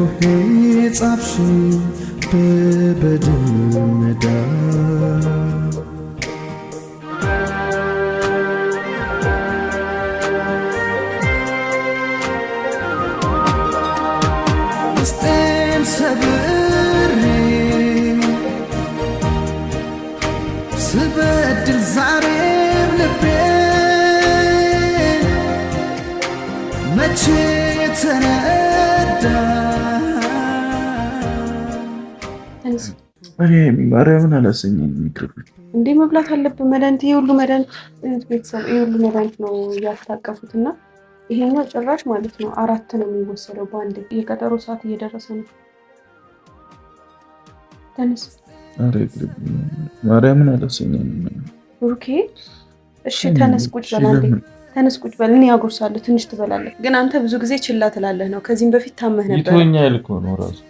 ጩኸ ጻፍሽ በበድን መዳ እኔ ማርያምን አላሰኘኝም። የሚቅርብኝ እንዴ መብላት አለብን። መድኃኒት ይሄ ሁሉ መድኃኒት ቤተሰብ ይሄ ሁሉ መድኃኒት ነው ያልታቀፉት እና ይሄኛው ጭራሽ ማለት ነው አራት ነው የሚወሰደው በአንድ። የቀጠሮ ሰዓት እየደረሰ ነው። ተነስ። ኧረ ማርያምን አላሰኘኝም። ኦኬ እሺ ተነስ፣ ቁጭ በል ተነስ ቁጭ በል። እኔ ያጎርሳለሁ ትንሽ ትበላለህ። ግን አንተ ብዙ ጊዜ ችላ ትላለህ ነው። ከዚህም በፊት ታመህ ነበር። ይተወኛል እኮ ነው ራሱ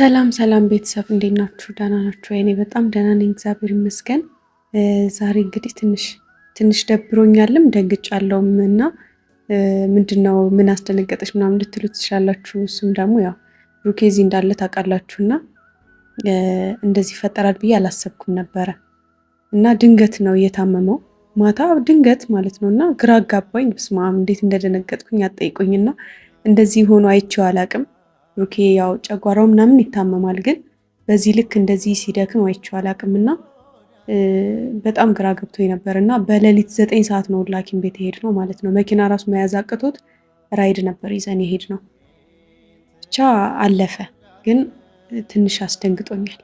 ሰላም ሰላም ቤተሰብ እንዴት ናችሁ? ደህና ናችሁ? እኔ በጣም ደህና ነኝ፣ እግዚአብሔር ይመስገን። ዛሬ እንግዲህ ትንሽ ትንሽ ደብሮኛልም አለውም እና ምንድን ነው ምን አስደነገጠች ምናምን ልትሉ ትችላላችሁ። እሱም ደግሞ ያው ሩኬዚ እንዳለ እና እንደዚህ ይፈጠራል ብዬ አላሰብኩም ነበረ እና ድንገት ነው እየታመመው ማታ ድንገት ማለት ነው እና ግራ አጋባኝ። ብስማም እንዴት እንደደነገጥኩኝ አጠይቁኝና እንደዚህ ሆኖ አይቼው አላቅም። ብሩኬ ያው ጨጓራው ምናምን ይታመማል፣ ግን በዚህ ልክ እንደዚህ ሲደክም አይቼው አላውቅም እና በጣም ግራ ገብቶ ነበር እና በሌሊት ዘጠኝ ሰዓት ነው ሐኪም ቤት የሄድ ነው ማለት ነው። መኪና ራሱ መያዝ አቅቶት ራይድ ነበር ይዘን የሄድ ነው። ብቻ አለፈ፣ ግን ትንሽ አስደንግጦኛል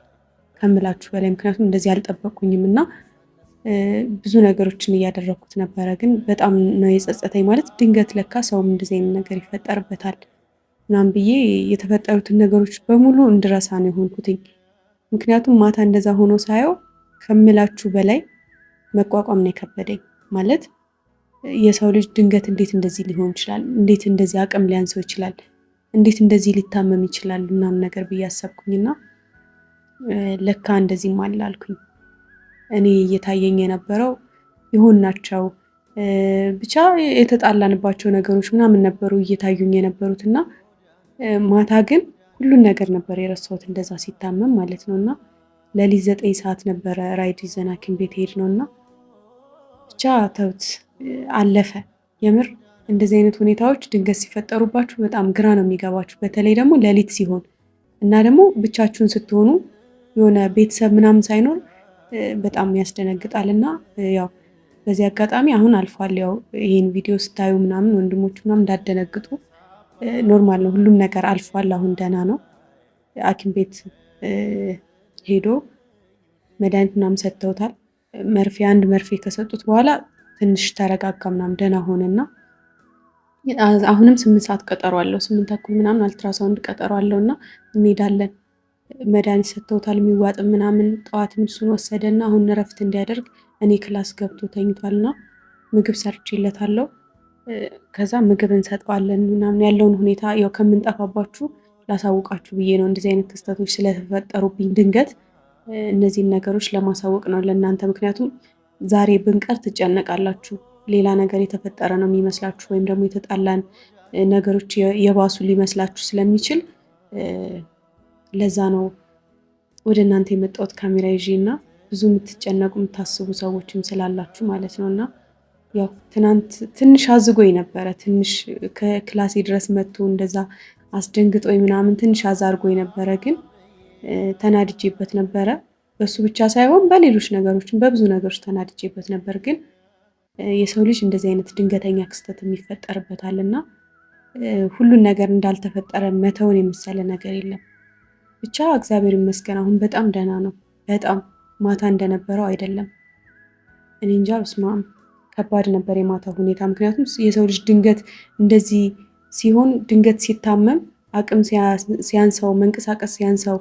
ከምላችሁ በላይ ምክንያቱም እንደዚህ አልጠበቅኩኝም እና ብዙ ነገሮችን እያደረግኩት ነበረ፣ ግን በጣም ነው የጸጸተኝ። ማለት ድንገት ለካ ሰውም እንደዚህ አይነት ነገር ይፈጠርበታል። ምናምን ብዬ የተፈጠሩትን ነገሮች በሙሉ እንድረሳ ነው የሆንኩትኝ። ምክንያቱም ማታ እንደዛ ሆኖ ሳየው ከምላችሁ በላይ መቋቋም ነው የከበደኝ። ማለት የሰው ልጅ ድንገት እንዴት እንደዚህ ሊሆን ይችላል? እንዴት እንደዚህ አቅም ሊያንሰው ይችላል? እንዴት እንደዚህ ሊታመም ይችላል? ምናምን ነገር ብዬ አሰብኩኝና ለካ እንደዚህም አለ እኔ እየታየኝ የነበረው ይሆን ናቸው ብቻ የተጣላንባቸው ነገሮች ምናምን ነበሩ እየታዩኝ የነበሩት እና ማታ ግን ሁሉን ነገር ነበር የረሳሁት እንደዛ ሲታመም ማለት ነው። እና ለሊት ዘጠኝ ሰዓት ነበረ ራይድ ይዘን ሐኪም ቤት ሄድ ነው እና ብቻ ተውት አለፈ። የምር እንደዚህ አይነት ሁኔታዎች ድንገት ሲፈጠሩባችሁ በጣም ግራ ነው የሚገባችሁ። በተለይ ደግሞ ለሊት ሲሆን እና ደግሞ ብቻችሁን ስትሆኑ የሆነ ቤተሰብ ምናምን ሳይኖር በጣም ያስደነግጣል። እና ያው በዚህ አጋጣሚ አሁን አልፏል። ያው ይህን ቪዲዮ ስታዩ ምናምን ወንድሞች ምናምን እንዳደነግጡ ኖርማል ነው። ሁሉም ነገር አልፏል። አሁን ደህና ነው። ሐኪም ቤት ሄዶ መድኃኒት ምናምን ሰጥተውታል። መርፌ አንድ መርፌ ከሰጡት በኋላ ትንሽ ተረጋጋ ምናምን ደህና ሆነና አሁንም ስምንት ሰዓት ቀጠሮ አለው። ስምንት ተኩል ምናምን አልትራሳውንድ ቀጠሮ አለው እና እንሄዳለን። መድኃኒት ሰጥተውታል የሚዋጥ ምናምን። ጠዋትም እሱን ወሰደና አሁን እረፍት እንዲያደርግ እኔ ክላስ ገብቶ ተኝቷልና ምግብ ሰርቼለታለሁ። ከዛ ምግብ እንሰጠዋለን ምናምን ያለውን ሁኔታ ያው ከምንጠፋባችሁ ላሳውቃችሁ ብዬ ነው። እንደዚህ አይነት ክስተቶች ስለተፈጠሩብኝ ድንገት እነዚህን ነገሮች ለማሳወቅ ነው ለእናንተ። ምክንያቱም ዛሬ ብንቀር ትጨነቃላችሁ። ሌላ ነገር የተፈጠረ ነው የሚመስላችሁ፣ ወይም ደግሞ የተጣላን ነገሮች የባሱ ሊመስላችሁ ስለሚችል ለዛ ነው ወደ እናንተ የመጣሁት ካሜራ ይዤ እና ብዙ የምትጨነቁ የምታስቡ ሰዎችም ስላላችሁ ማለት ነው እና ያው ትናንት ትንሽ አዝጎኝ ነበረ። ትንሽ ከክላሴ ድረስ መጥቶ እንደዛ አስደንግጦኝ ምናምን ትንሽ አዛርጎ ነበረ፣ ግን ተናድጄበት ነበረ። በሱ ብቻ ሳይሆን በሌሎች ነገሮችን በብዙ ነገሮች ተናድጄበት ነበር። ግን የሰው ልጅ እንደዚህ አይነት ድንገተኛ ክስተት የሚፈጠርበታል እና ሁሉን ነገር እንዳልተፈጠረ መተውን የመሰለ ነገር የለም። ብቻ እግዚአብሔር ይመስገን አሁን በጣም ደህና ነው። በጣም ማታ እንደነበረው አይደለም። እኔ እንጃ ብስማም ከባድ ነበር የማታ ሁኔታ። ምክንያቱም የሰው ልጅ ድንገት እንደዚህ ሲሆን ድንገት ሲታመም አቅም ሲያንሰው መንቀሳቀስ ሲያንሰው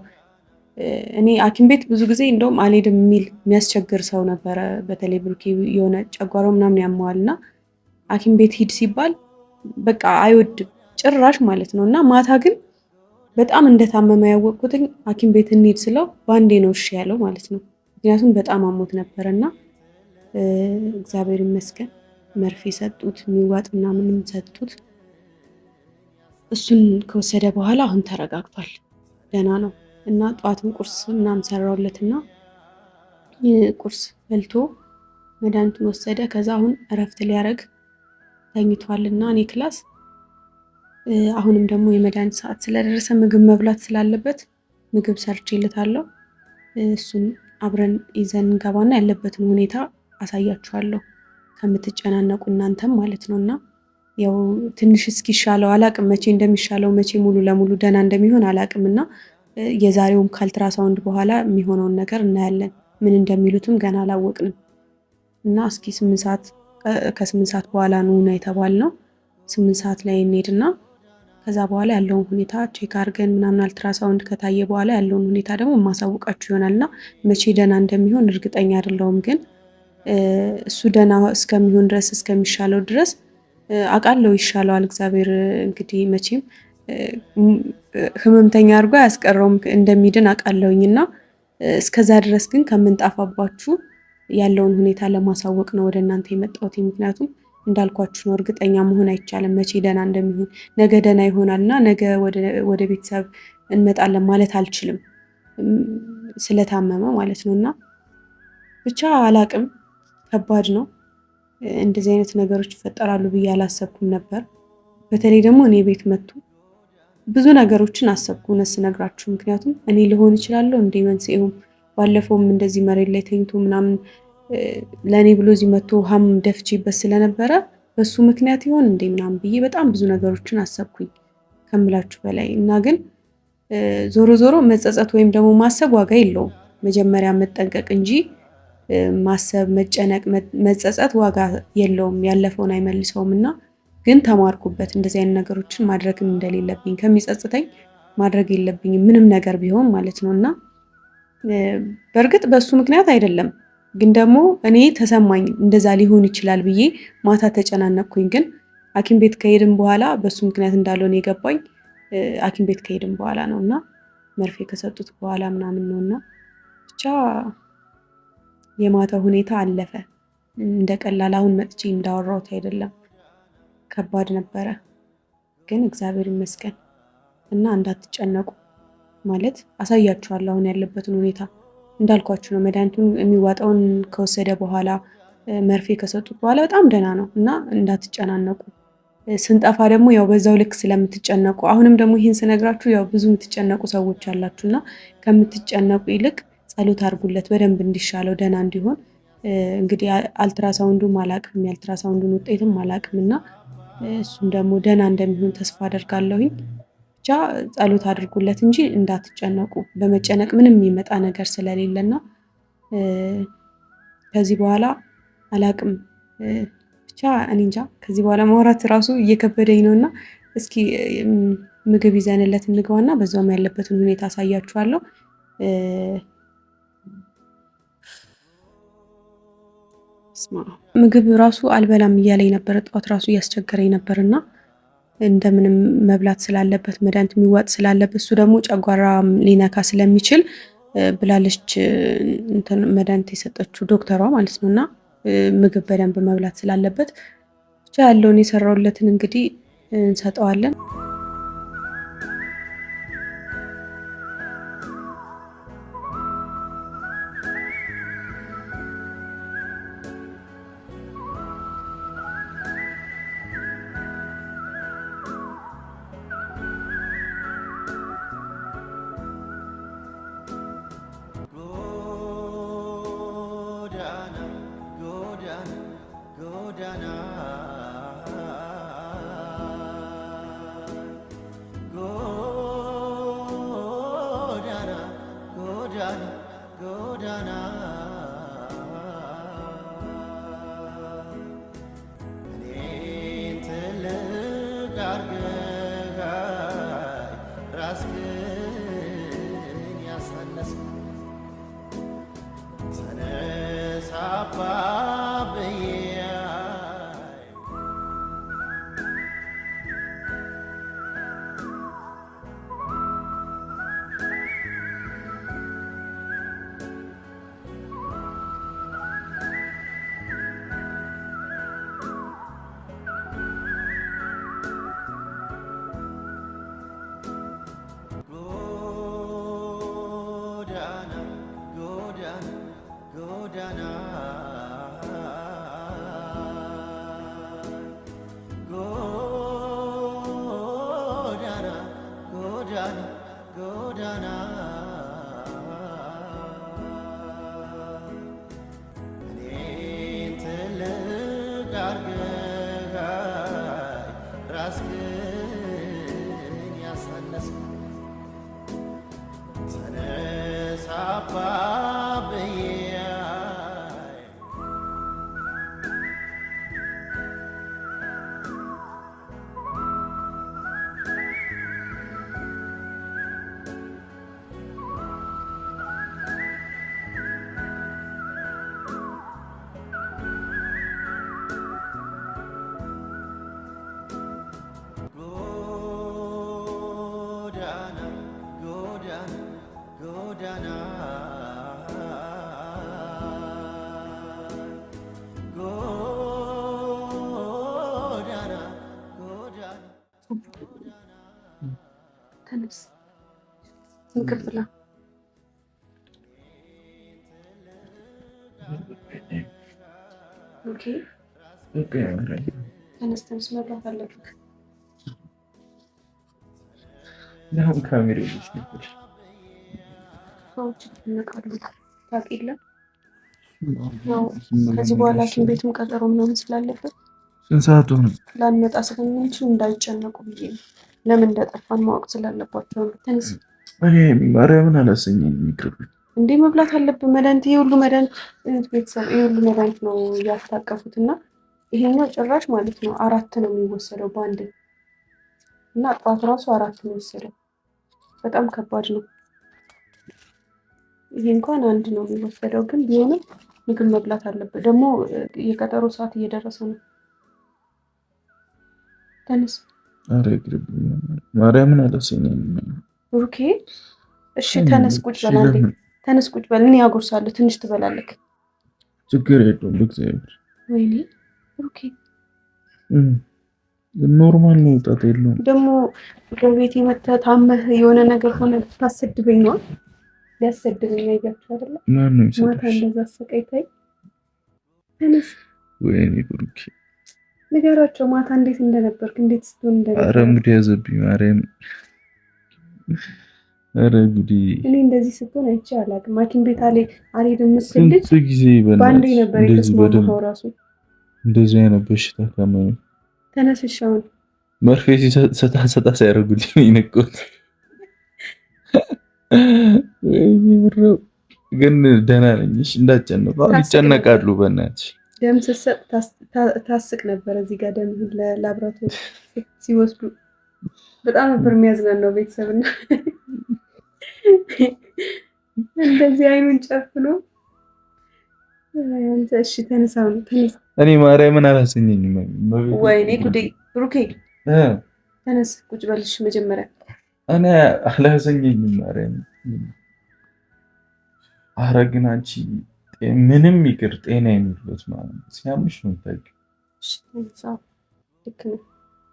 እኔ ሐኪም ቤት ብዙ ጊዜ እንደውም አልሄድም የሚል የሚያስቸግር ሰው ነበረ። በተለይ ብሩኬ የሆነ ጨጓራው ምናምን ያመዋል እና ሐኪም ቤት ሂድ ሲባል በቃ አይወድም ጭራሽ ማለት ነው። እና ማታ ግን በጣም እንደታመመ ያወቅኩትኝ ሐኪም ቤት እንሂድ ስለው በአንዴ ነው እሺ ያለው ማለት ነው። ምክንያቱም በጣም አሞት ነበረ እና እግዚአብሔር ይመስገን መርፌ ሰጡት፣ የሚዋጥ ምናምንም ሰጡት። እሱን ከወሰደ በኋላ አሁን ተረጋግቷል፣ ደህና ነው እና ጠዋትም ቁርስ ምናምን ሰራውለት እና ቁርስ በልቶ መድኃኒቱን ወሰደ። ከዛ አሁን እረፍት ሊያደርግ ተኝቷል እና እኔ ክላስ አሁንም ደግሞ የመድኃኒት ሰዓት ስለደረሰ ምግብ መብላት ስላለበት ምግብ ሰርቼ እሱን አብረን ይዘን እንገባና ያለበትን ሁኔታ አሳያችኋለሁ። ከምትጨናነቁ እናንተም ማለት ነው እና ያው ትንሽ እስኪሻለው አላቅም መቼ እንደሚሻለው መቼ ሙሉ ለሙሉ ደህና እንደሚሆን አላቅም እና የዛሬውም ካልትራሳውንድ በኋላ የሚሆነውን ነገር እናያለን። ምን እንደሚሉትም ገና አላወቅንም እና እስኪ ስምንት ሰዓት ከስምንት ሰዓት በኋላ ኑና የተባልነው ስምንት ሰዓት ላይ እንሄድና ከዛ በኋላ ያለውን ሁኔታ ቼክ አድርገን ምናምን አልትራሳውንድ ከታየ በኋላ ያለውን ሁኔታ ደግሞ የማሳውቃችሁ ይሆናል እና መቼ ደህና እንደሚሆን እርግጠኛ አይደለሁም ግን እሱ ደህና እስከሚሆን ድረስ እስከሚሻለው ድረስ አቃለው ይሻለዋል። እግዚአብሔር እንግዲህ መቼም ህመምተኛ አድርጎ አያስቀረውም እንደሚድን አውቃለሁኝ እና እስከዛ ድረስ ግን ከምንጣፋባችሁ ያለውን ሁኔታ ለማሳወቅ ነው ወደ እናንተ የመጣሁት። ምክንያቱም እንዳልኳችሁ ነው፣ እርግጠኛ መሆን አይቻልም መቼ ደህና እንደሚሆን። ነገ ደህና ይሆናል እና ነገ ወደ ቤተሰብ እንመጣለን ማለት አልችልም፣ ስለታመመ ማለት ነው እና ብቻ አላቅም ከባድ ነው። እንደዚህ አይነት ነገሮች ይፈጠራሉ ብዬ አላሰብኩም ነበር። በተለይ ደግሞ እኔ ቤት መጥቶ ብዙ ነገሮችን አሰብኩ እውነት ስነግራችሁ። ምክንያቱም እኔ ልሆን እችላለሁ እንደ መንስኤውም ባለፈውም እንደዚህ መሬት ላይ ተኝቶ ምናምን ለእኔ ብሎ እዚህ መጥቶ ውሃም ደፍቼበት ስለነበረ በሱ ምክንያት ይሆን እንዴ ምናምን ብዬ በጣም ብዙ ነገሮችን አሰብኩኝ ከምላችሁ በላይ እና ግን ዞሮ ዞሮ መጸጸት ወይም ደግሞ ማሰብ ዋጋ የለውም። መጀመሪያ መጠንቀቅ እንጂ ማሰብ፣ መጨነቅ፣ መጸጸት ዋጋ የለውም፣ ያለፈውን አይመልሰውም። እና ግን ተማርኩበት እንደዚህ አይነት ነገሮችን ማድረግም እንደሌለብኝ ከሚጸጽተኝ ማድረግ የለብኝም ምንም ነገር ቢሆን ማለት ነው። እና በእርግጥ በእሱ ምክንያት አይደለም፣ ግን ደግሞ እኔ ተሰማኝ እንደዛ ሊሆን ይችላል ብዬ ማታ ተጨናነቅኩኝ። ግን ሐኪም ቤት ከሄድም በኋላ በእሱ ምክንያት እንዳልሆነ የገባኝ ሐኪም ቤት ከሄድም በኋላ ነው እና መርፌ ከሰጡት በኋላ ምናምን ነው እና ብቻ የማታ ሁኔታ አለፈ። እንደ ቀላል አሁን መጥቼ እንዳወራሁት አይደለም፣ ከባድ ነበረ። ግን እግዚአብሔር ይመስገን እና እንዳትጨነቁ ማለት አሳያችኋለሁ። አሁን ያለበትን ሁኔታ እንዳልኳችሁ ነው። መድኃኒቱን የሚዋጣውን ከወሰደ በኋላ መርፌ ከሰጡት በኋላ በጣም ደህና ነው እና እንዳትጨናነቁ። ስንጠፋ ደግሞ ያው በዛው ልክ ስለምትጨነቁ አሁንም ደግሞ ይህን ስነግራችሁ ያው ብዙ የምትጨነቁ ሰዎች አላችሁ እና ከምትጨነቁ ይልቅ ጸሎት አድርጉለት በደንብ እንዲሻለው ደህና እንዲሆን። እንግዲህ አልትራሳውንዱም አላቅም የአልትራሳውንዱን ውጤትም አላቅም እና እሱም ደግሞ ደህና እንደሚሆን ተስፋ አደርጋለሁኝ። ብቻ ጸሎት አድርጉለት እንጂ እንዳትጨነቁ። በመጨነቅ ምንም የሚመጣ ነገር ስለሌለና ከዚህ በኋላ አላቅም ብቻ እኔ እንጃ ከዚህ በኋላ ማውራት ራሱ እየከበደኝ ነው እና እስኪ ምግብ ይዘንለት እንግባና በዛውም ያለበትን ሁኔታ አሳያችኋለሁ። ምግብ ራሱ አልበላም እያለኝ ነበር። ጠዋት ራሱ እያስቸገረኝ ነበር እና እንደምንም መብላት ስላለበት መድኃኒት የሚዋጥ ስላለበት እሱ ደግሞ ጨጓራ ሊነካ ስለሚችል ብላለች መድኃኒት የሰጠችው ዶክተሯ ማለት ነው እና ምግብ በደንብ መብላት ስላለበት ብቻ ያለውን የሰራውለትን እንግዲህ እንሰጠዋለን። carga ክፍላ ተነስተንስ መብራት አለብህ። ናም ካሜራ ይልሽ ነበር ሰዎች ይነቃሉ። ታውቂ የለም ከዚህ በኋላ ሐኪም ቤትም ቀጠሮ ምናምን ስላለበት ስንት ሰዓት ሆነ? ላንመጣ ስለምንችል እንዳይጨነቁ ብዬ ለምን እንደጠፋን ማወቅ ስላለባቸው ነው። ተነስ እኔ ማርያምን አላሰኝ የሚገርም እንዴ መብላት አለብን። መድኃኒት ይሄ ሁሉ መድኃኒት ቤተሰብ ይሄ ሁሉ መድኃኒት ነው ያልታቀፉት እና ይሄኛው ጭራሽ ማለት ነው አራት ነው የሚወሰደው በአንድ እና ጥዋት ራሱ አራት ነው የሚወሰደው። በጣም ከባድ ነው። ይሄ እንኳን አንድ ነው የሚወሰደው፣ ግን ቢሆንም ምግብ መብላት አለበት። ደግሞ የቀጠሮ ሰዓት እየደረሰ ነው። ተነስ ማርያምን አላሰኘኝ ብሩኬ እሺ፣ ተነስ ቁጭ በል አንዴ፣ ተነስ ቁጭ በል። እኔ ያጎርሳለሁ፣ ትንሽ ትበላለህ። ችግር የለውም በእግዚአብሔር። ወይኔ ብሩኬ፣ ኖርማል ነው፣ ውጣት የለውም። ደግሞ በቤት መተህ ታመህ የሆነ ነገር ሆነ ብታሰድበኝ ነዋ፣ ሊያሰድበኝ አይገባም አይደለ? ማታ እንደዛ አሰቃይተኸኝ። ተነስ። ወይኔ ብሩኬ፣ ንገራቸው ማታ እንዴት እንደነበርክ፣ እንዴት ስትሆን እንደነበር። ኧረ ሙድ ያዘብኝ ማርያም ኧረ ጉዴ! እኔ እንደዚህ ስትሆን አይቼ አላውቅም። ሐኪም ቤት አልሄድም ስል ልጅ በአንዴ ነበር የተስማማው ራሱ። እንደዚህ አይነት በሽታ ካመመኝ ተነስሻውን መርፌ ሰጣ ሰጣ ሲያደርጉልኝ ይነቆት ግን ደህና ነኝ። እንዳጨነቁ ይጨነቃሉ። በእናትሽ ደም ስትሰጥ ታስቅ ነበር። እዚህ ጋር ደም ለላብራቶሪ ሲወስዱ በጣም ነበር የሚያዝናናው ቤተሰብና እንደዚህ አይኑን ጨፍኖ እሺ ተነሳው ነው እኔ ማርያምን አላሰኘኝም። ወይኔ ጉዴ ብሩኬ ተነስ ቁጭ በልሽ መጀመሪያ እኔ አላሰኘኝም። ማርያምን ኧረ ግን አንቺ ምንም ይቅር ጤና የሚሉት ማለት ነው። ሲያምሽ ነው ታውቂው። ልክ ነው።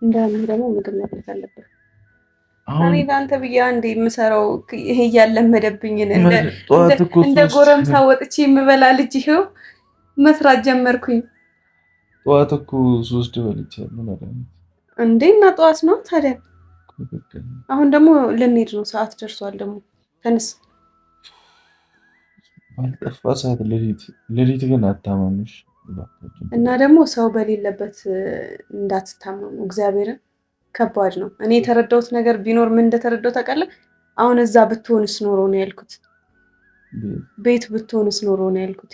እንዳንዱ ደግሞ ምግብ መብላት አለብን። እኔ ለአንተ ብዬ አንድ የምሰራው ይሄ እያለመደብኝን እንደ ጎረምሳ ወጥቼ የምበላ ልጅ ይኸው መስራት ጀመርኩኝ። ጠዋት እኮ ሶስት በልቻለሁ እንዴ! እና ጠዋት ነው ታዲያ። አሁን ደግሞ ልንሄድ ነው፣ ሰዓት ደርሷል። ደግሞ ተንስ። ባልጠፋ ሰዓት ሌሊት ግን አታማምሽ። እና ደግሞ ሰው በሌለበት እንዳትታመሙ እግዚአብሔርን ከባድ ነው። እኔ የተረዳሁት ነገር ቢኖር ምን እንደተረዳው ታውቃለህ? አሁን እዛ ብትሆንስ ኖሮ ነው ያልኩት፣ ቤት ብትሆንስ ኖሮ ነው ያልኩት።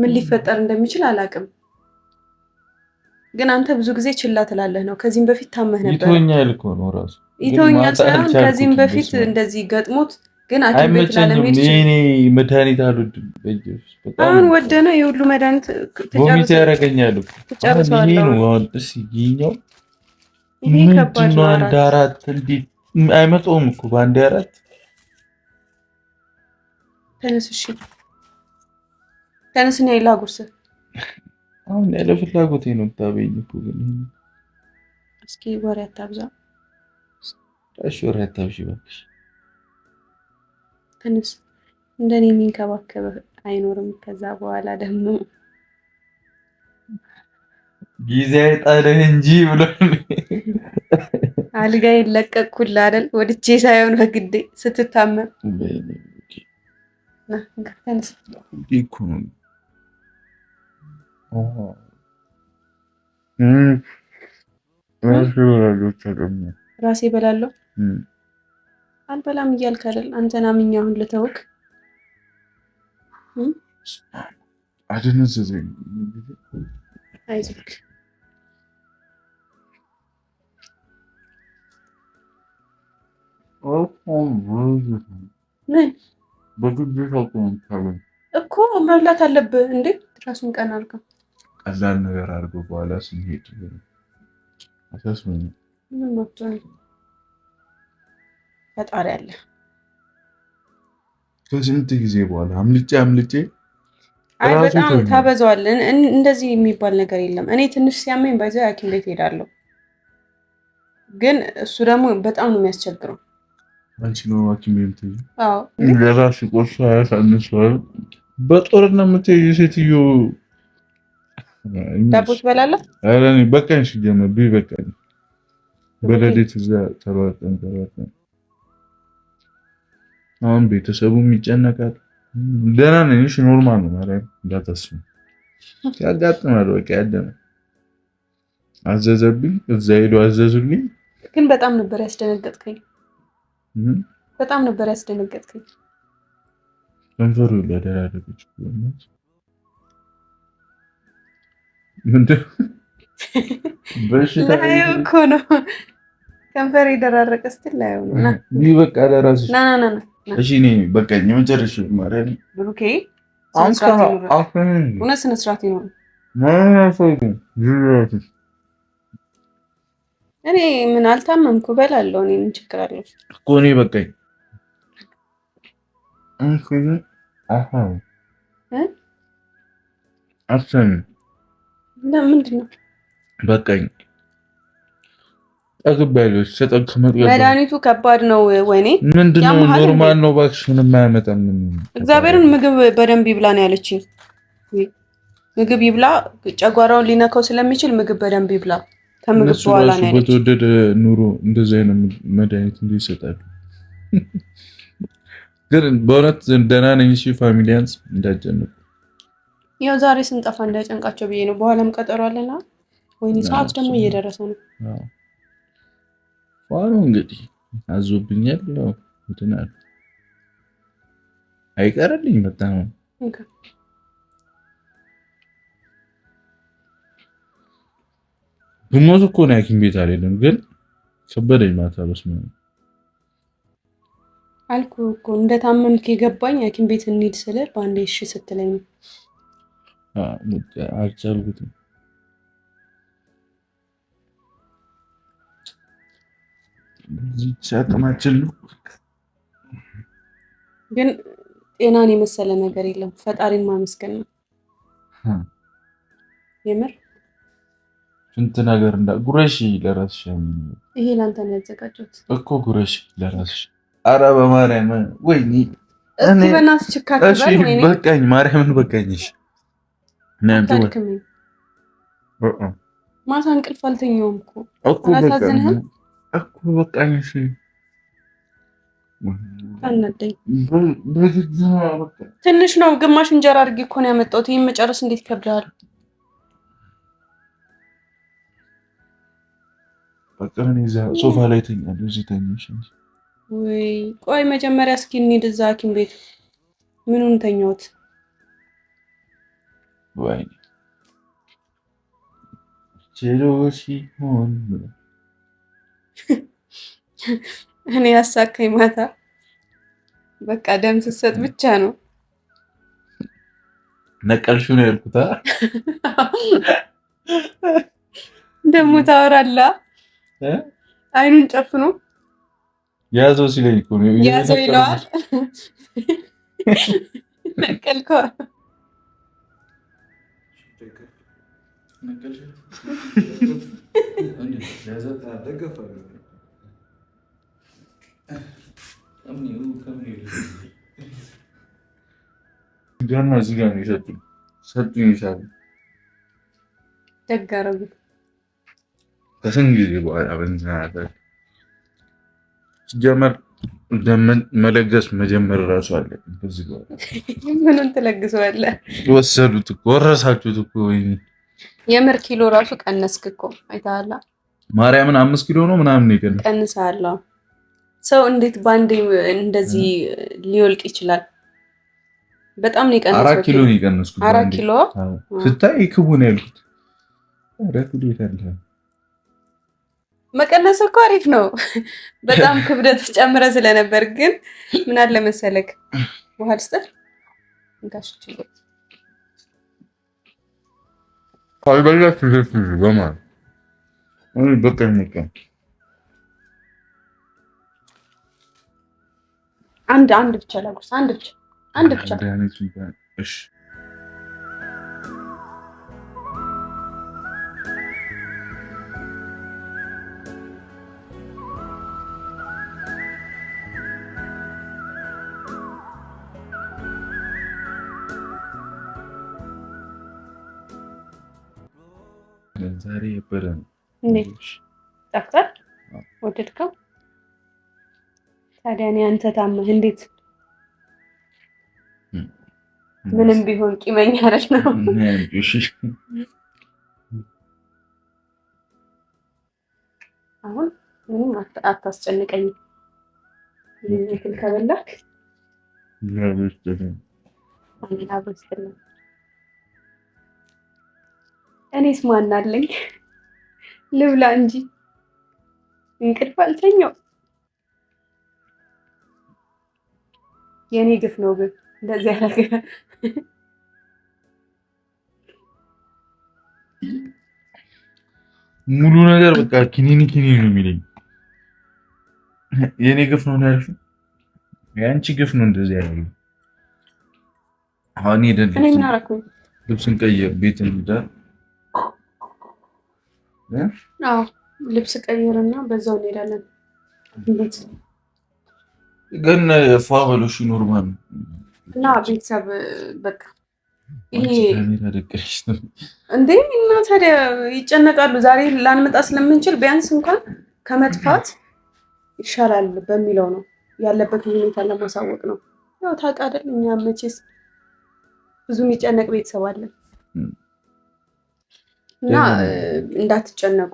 ምን ሊፈጠር እንደሚችል አላውቅም፣ ግን አንተ ብዙ ጊዜ ችላ ትላለህ ነው። ከዚህም በፊት ታመህ ነበር። ይተወኛል እኮ ነው ራሱ ይተወኛል ሳይሆን ከዚህም በፊት እንደዚህ ገጥሞት ግን ሐኪም ቤት ላለመሄድ ይችላል። መድኃኒት አልወድም። አሁን ወደ ነው የሁሉ መድኃኒት ትጨርሰዋለህ። ምንድነው? አንድ አራት አይመጣውም እኮ በአንድ አራት ተነስ። እሺ ተነስ። እኔ ላጉርስ። አሁን ያለ ፍላጎቴ ነው የምታበይኝ እኮ ግን፣ እስኪ ወሬ አታብዛ። እሺ ወሬ እባክሽ። ተነስ። እንደኔ የሚንከባከብ አይኖርም። ከዛ በኋላ ደግሞ ጊዜ አይጣልህ እንጂ ብሎ አልጋ ይለቀቅኩላ አይደል ወድቼ ሳይሆን በግዴ ስትታመም ራሴ በላለሁ አልበላም እያልክ አይደል? አንተን አምኜ አሁን ልተውክ አይዞክ እኮ መብላት አለብህ እንዴ? ራሱን ቀን አድርገው ቀላል ነገር አድርገው በኋላ ስንሄድ ፈጣሪ አለ። ከስንት ጊዜ በኋላ አምልጬ አምልጬ አይ በጣም ታበዛዋለን። እንደዚህ የሚባል ነገር የለም። እኔ ትንሽ ሲያመኝ ባይዘ ሐኪም ቤት ሄዳለሁ፣ ግን እሱ ደግሞ በጣም ነው የሚያስቸግረው። አንቺ ነው ሐኪም የምትይው? አዎ ለራስሽ ያሳንሰዋል። በጦርነት የምትይው ሴትዮ። በቃኝ፣ ሲጀመር በቃኝ። በሌሊት እዛ ተሯጠን ተሯጠን፣ አሁን ቤተሰቡም ይጨነቃል። ደህና ነኝ፣ እሺ ኖርማል ነው። ማርያም እንዳታስቡ፣ ያጋጥማል። በቃ አዘዘብኝ፣ እዛ ሄዶ አዘዙልኝ። ግን በጣም ነበር ያስደነገጥከኝ በጣም ነበር ያስደነገጥከኝ። ከንፈሩ ሊያደራረገች እኮ ነው ከንፈር የደራረቀ ስትል ላየው ነው። ይህ በቃ ለራስሽ እኔ በቃ የመጨረሻ ማርያም ብሩኬ፣ እውነት ስነ ስርዓት ይኖር እኔ ምን አልታመምኩ በላለሁ። እኔ ምን ችግር አለው እኮ እኔ በቃኝ። ምንድን ነው በቃኝ። ጠግቤያለሁ። መድኃኒቱ ከባድ ነው። ወይኔ ምንድን ነው ኖርማል ነው እባክሽ፣ ምንም አያመጣም። እግዚአብሔርን ምግብ በደንብ ይብላ ነው ያለችኝ። ምግብ ይብላ፣ ጨጓራውን ሊነካው ስለሚችል ምግብ በደንብ ይብላ። ከምግብ በኋላ ነው። በተወደደ ኑሮ እንደዚህ አይነት መድኃኒት እንዲ ይሰጣሉ። ግን በእውነት ደህና ነኝ። እሺ ፋሚሊያንስ እንዳጨንቁ ያው ዛሬ ስንጠፋ እንዳጨንቃቸው ብዬ ነው። በኋላም ቀጠሮ አለና ወይኔ ሰዓት ደግሞ እየደረሰ ነው። ዋኑ እንግዲህ አዞብኛል ነው እንትን አይቀርልኝ በጣም ግሞት እኮ ነው ሐኪም ቤት አልሄድም፣ ግን ከበደኝ። ማታ በስመ አብ አልኩህ እኮ እንደታመምክ የገባኝ ሐኪም ቤት እንሂድ ስለ በአንዴ እሺ ስትለኝ አልቻልኩትም። ሲያቅማችን ግን ጤናን የመሰለ ነገር የለም። ፈጣሪን ማመስገን ነው የምር ስንት ነገር እንዳ ጉረሽ ለራስሽ ይሄ ለአንተ ነው ያዘጋጀሁት እኮ ጉረሽ ለራስሽ። አረ በማርያም ወይኔ በቃኝ፣ ማርያምን በቃኝ። ማታ እንቅልፍ አልተኛውም እኮ አላሳዝንህም እኮ በቃኝ። ትንሽ ነው ግማሽ እንጀራ አድርጌ እኮ ነው ያመጣሁት። ይህን መጨረስ እንዴት ይከብዳል? በቃ እዛ ሶፋ ላይ ተኛል። እዚህ ተኛሽ እንጂ ወይ ቆይ፣ መጀመሪያ እስኪ እንሂድ እዛ ሐኪም ቤት ምኑን ተኛት? ወይ ችሎሽ ሲሆን እኔ ያሳካኝ ማታ በቃ ደም ስትሰጥ ብቻ ነው ነቀልሽ ነው ያልኩት። ደግሞ ታወራላ አይኑን ጨፍኖ ያዘው ሲለኝ እኮ ነው ያዘው ይለዋል። ነቀልከዋል። ጋና እዚህ ጋር ነው የሰጡኝ ሰጡኝ ይሻሉ ደግ አደረጉት። ከስንት ጊዜ በኋላ በእናትህ ሲጀመር መለገስ መጀመር እራሱ አለ። ከዚህ በኋላ ምኑን ትለግሰዋለህ? ወሰዱት እኮ ወረሳችሁት እኮ ወይ የምር ኪሎ ራሱ ቀነስክ እኮ አይተሃል። ማርያምን አምስት ኪሎ ነው ምናምን ይቀንስ ቀንሳለሁ። ሰው እንዴት ባንዴ እንደዚህ ሊወልቅ ይችላል? በጣም ነው የቀነስኩት። አራት ኪሎ ነው የቀነስኩት። አራት ኪሎ ስታይ ክቡ ነው ያልኩት። አራት ኪሎ መቀነሱ እኮ አሪፍ ነው። በጣም ክብደት ጨምረ ስለነበር ግን ምን አለ መሰለክ ውሃ ልስጥህ። አንድ አንድ ብቻ ላጉርስ። አንድ ብቻ አንድ ብቻ ዛሬ የበረ ነው። ወደድከው? ታዲያ እኔ አንተ ታመህ እንዴት ምንም ቢሆን ቂመኝ አይደል ነው። አሁን ምንም አታስጨንቀኝ። ይህን ያክል ከበላክ አብረን እኔስ ማናለኝ ልብላ እንጂ እንቅልፍ አልተኛው። የእኔ ግፍ ነው ግን እንደዚህ ያደረገ ሙሉ ነገር በቃ ኪኒኒ ኪኒኒ ነው የሚለኝ። የእኔ ግፍ ነው ያልሽ፣ የአንቺ ግፍ ነው እንደዚህ ያለ አሁን ሄደን ልብስን ቀየር ቤት እንዳል ልብስ ቀይርና በዛው እንሄዳለን። ግን ፏ ኖርማል እና ቤተሰብ በቃ እንዴ እና ታዲያ ይጨነቃሉ። ዛሬ ላንመጣ ስለምንችል ቢያንስ እንኳን ከመጥፋት ይሻላል በሚለው ነው ያለበት ሁኔታ ለማሳወቅ ነው። ያው ታውቃለህ፣ እኛ መቼስ ብዙ የሚጨነቅ ቤተሰብ አለን። እና እንዳትጨነቁ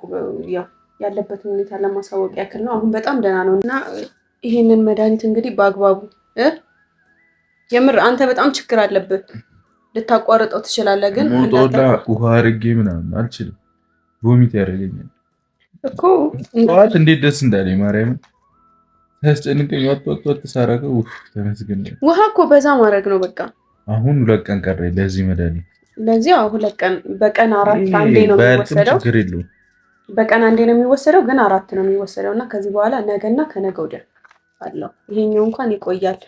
ያው ያለበትን ሁኔታ ለማሳወቅ ያክል ነው። አሁን በጣም ደህና ነው እና ይህንን መድኃኒት እንግዲህ በአግባቡ የምር አንተ በጣም ችግር አለብህ። ልታቋርጠው ትችላለህ፣ ግን ሞጦላ ውሃ አድርጌ ምናምን አልችልም። ቮሚት ያደርገኛል እኮ ጠዋት እንዴት ደስ እንዳለ ማርያም ያስጨንቀኝ። ወጥ ወጥ ወጥ ውሃ እኮ በዛ ማድረግ ነው በቃ። አሁን ሁለት ቀን ቀረኝ ለዚህ መድኃኒት ለዚህ ሁለት ቀን በቀን አራት አንዴ ነው የሚወሰደው። በቀን አንዴ ነው የሚወሰደው፣ ግን አራት ነው የሚወሰደው እና ከዚህ በኋላ ነገና ከነገ ወዲያ አለው። ይሄኛው እንኳን ይቆያል።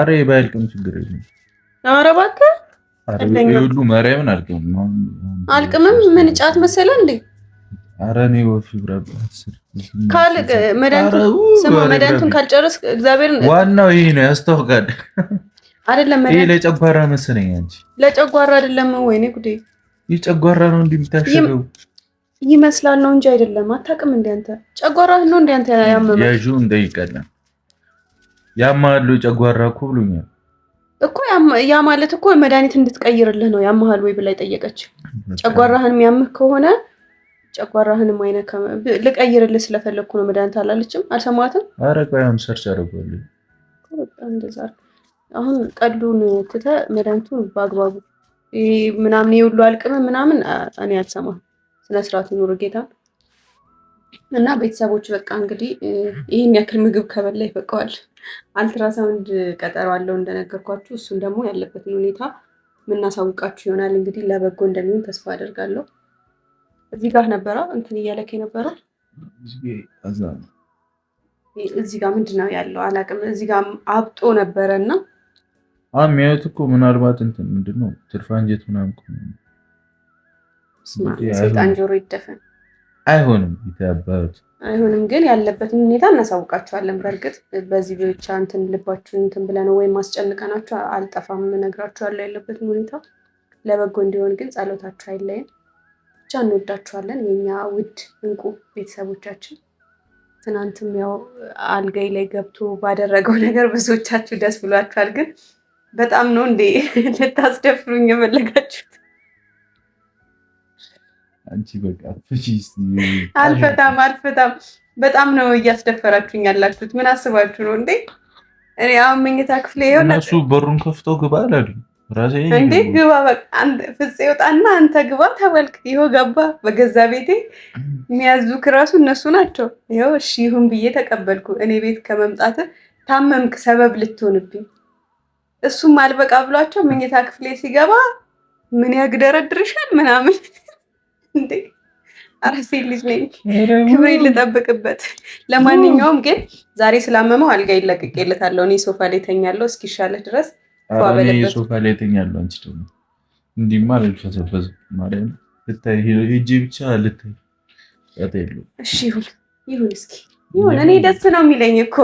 አረ ባያልቅም ችግር የለም። ኧረ እባክህ ሁሉ መሪያምን አልቅም አልቅምም። ምን ጫት መሰለ እንዴ? አረ እኔ ወፍ መድኃኒቱን ካልጨረስ እግዚአብሔር ዋናው ይሄ ነው ያስታውቃል። አይደለም ይሄ ለጨጓራ መሰለኝ። አንቺ ለጨጓራ አይደለም። ወይኔ ጉዴ! ይህ ጨጓራ ነው እንዴ ይመስላል ነው እንጂ አይደለም። አታውቅም አንተ? ጨጓራ ነው አንተ ያመመ? ያማሉ ጨጓራ እኮ ብሎኛል እኮ ያ ማለት እኮ መድኃኒት እንድትቀይርልህ ነው ያመሃል ወይ ብላ ጠየቀች። ጨጓራህን የሚያምህ ከሆነ ጨጓራህንም አይነካ ልቀይርልህ ስለፈለግኩ ነው መድኃኒት አላለችም። አልሰማትም። አረ ቆይ አሁን ሰርች አደረጓለሁ አሁን ቀሉን ትተ መድኃኒቱን በአግባቡ ምናምን የሁሉ አልቅም ምናምን እኔ አልሰማም። ስነ ስርዓቱ ኑር ጌታ እና ቤተሰቦች በቃ እንግዲህ ይህን ያክል ምግብ ከበላ ይበቀዋል። አልትራሳውንድ ቀጠሮ አለው እንደነገርኳችሁ፣ እሱን ደግሞ ያለበትን ሁኔታ የምናሳውቃችሁ ይሆናል። እንግዲህ ለበጎ እንደሚሆን ተስፋ አደርጋለሁ። እዚህ ጋር ነበረ እንትን እያለክ የነበረው እዚህ ጋር ምንድን ነው ያለው አላቅም። እዚህ ጋር አብጦ ነበረ እና አሁን የሚያዩት እኮ ምናልባት እንትን ምንድን ነው ትርፍ አንጀት ምናምን ስልጣን ጆሮ ይደፈን አይሆንም፣ ይተባበሩት አይሆንም። ግን ያለበትን ሁኔታ እናሳውቃችኋለን። በእርግጥ በዚህ ብቻ እንትን ልባችሁን እንትን ብለን ወይም አስጨንቀናችሁ አልጠፋም፣ እነግራችኋለሁ ያለበትን ሁኔታ። ለበጎ እንዲሆን ግን ጸሎታችሁ አይለይም። ብቻ እንወዳችኋለን የኛ ውድ እንቁ ቤተሰቦቻችን። ትናንትም ያው አልጋይ ላይ ገብቶ ባደረገው ነገር ብዙዎቻችሁ ደስ ብሏችኋል ግን በጣም ነው እንዴ ልታስደፍሩኝ የፈለጋችሁት? አንቺ በቃ አልፈታም አልፈታም። በጣም ነው እያስደፈራችሁኝ ያላችሁት። ምን አስባችሁ ነው እንዴ? እኔ አሁን መኝታ ክፍሌ እነሱ በሩን ከፍቶ ግባ አላሉ እንዴ? ግባ በቃ ፍፄ ወጣና አንተ ግባ ተባልክ። ይኸው ገባ። በገዛ ቤቴ የሚያዙክ ራሱ እነሱ ናቸው። ይኸው እሺ ይሁን ብዬ ተቀበልኩ። እኔ ቤት ከመምጣት ታመምክ ሰበብ ልትሆንብኝ እሱም አልበቃ ብሏቸው መኝታ ክፍሌ ሲገባ ምን ያግደረድርሻል ምናምን እንዴ አራሴ ልጅ ነኝ ክብሬ ልጠብቅበት። ለማንኛውም ግን ዛሬ ስላመመው አልጋ ይለቅቄለታለሁ። እኔ ሶፋ ላይ ተኛለሁ እስኪሻለት ድረስ ሶፋ ላይ ተኛለሁ። አንቺ ደግሞ እንዲህማ ልፈዘበዝ ማለት ልታይ ሂጂ ብቻ ልታይ ጣጣ እሺ ይሁን ይሁን እስኪ ይሁን እኔ ደስ ነው የሚለኝ እኮ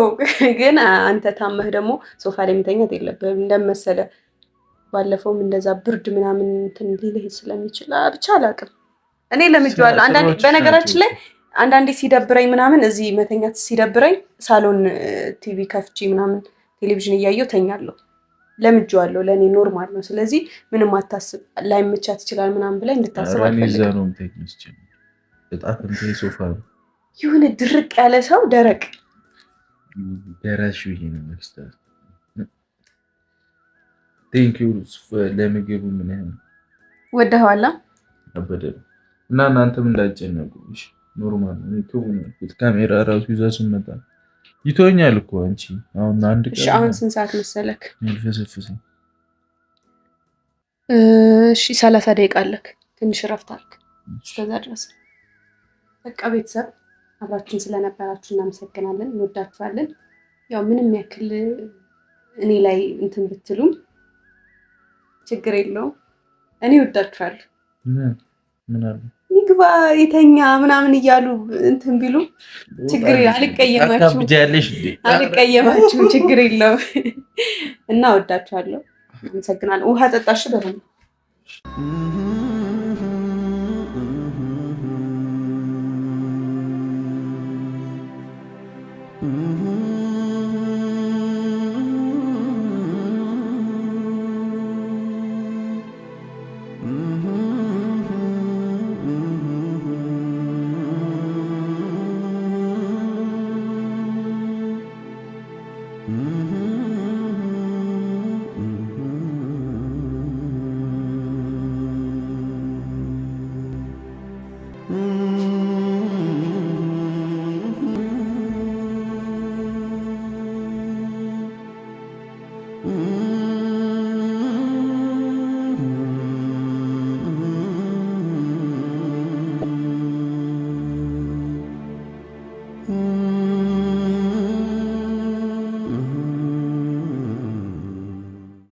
ግን አንተ ታመህ ደግሞ ሶፋ ላይ መተኛት የለብህም እንደመሰለ ባለፈውም እንደዛ ብርድ ምናምን እንትን ሊልህ ስለሚችል ብቻ አላውቅም እኔ ለምጄዋለሁ አንዳንዴ በነገራችን ላይ አንዳንዴ ሲደብረኝ ምናምን እዚህ መተኛት ሲደብረኝ ሳሎን ቲቪ ከፍቼ ምናምን ቴሌቪዥን እያየሁ ተኛለሁ ለምጄዋለሁ ለእኔ ኖርማል ነው ስለዚህ ምንም አታስብ ላይመቻት ይችላል ምናምን ብላይ እንድታስብ አልፈልግም ሶፋ ነው የሆነ ድርቅ ያለ ሰው ደረቅ ደራሽ ብዬ ነው መስጠት። ቴንኪዩ ለምግቡ ምን ያህል ወደኋላ አበደ እና እናንተም እንዳጨነቁሽ ኖርማል ካሜራ ራሱ ይዛ ስመጣ ይቶኛል እኮ አንቺ አሁን አንድ አሁን ስንት ሰዓት መሰለክ? ልፈሰፍሰ እሺ ሰላሳ ደቂቃ አለክ። ትንሽ ረፍት አልክ። እስከዛ ድረስ በቃ ቤተሰብ አብራችን ስለነበራችሁ እናመሰግናለን። እንወዳችኋለን። ያው ምንም ያክል እኔ ላይ እንትን ብትሉም ችግር የለውም። እኔ እወዳችኋለሁ። ይግባ የተኛ ምናምን እያሉ እንትን ቢሉ ችግር አልቀየማችሁም፣ ችግር የለው እና ወዳችኋለሁ። አመሰግናለሁ። ውሃ ጠጣሽ በደምብ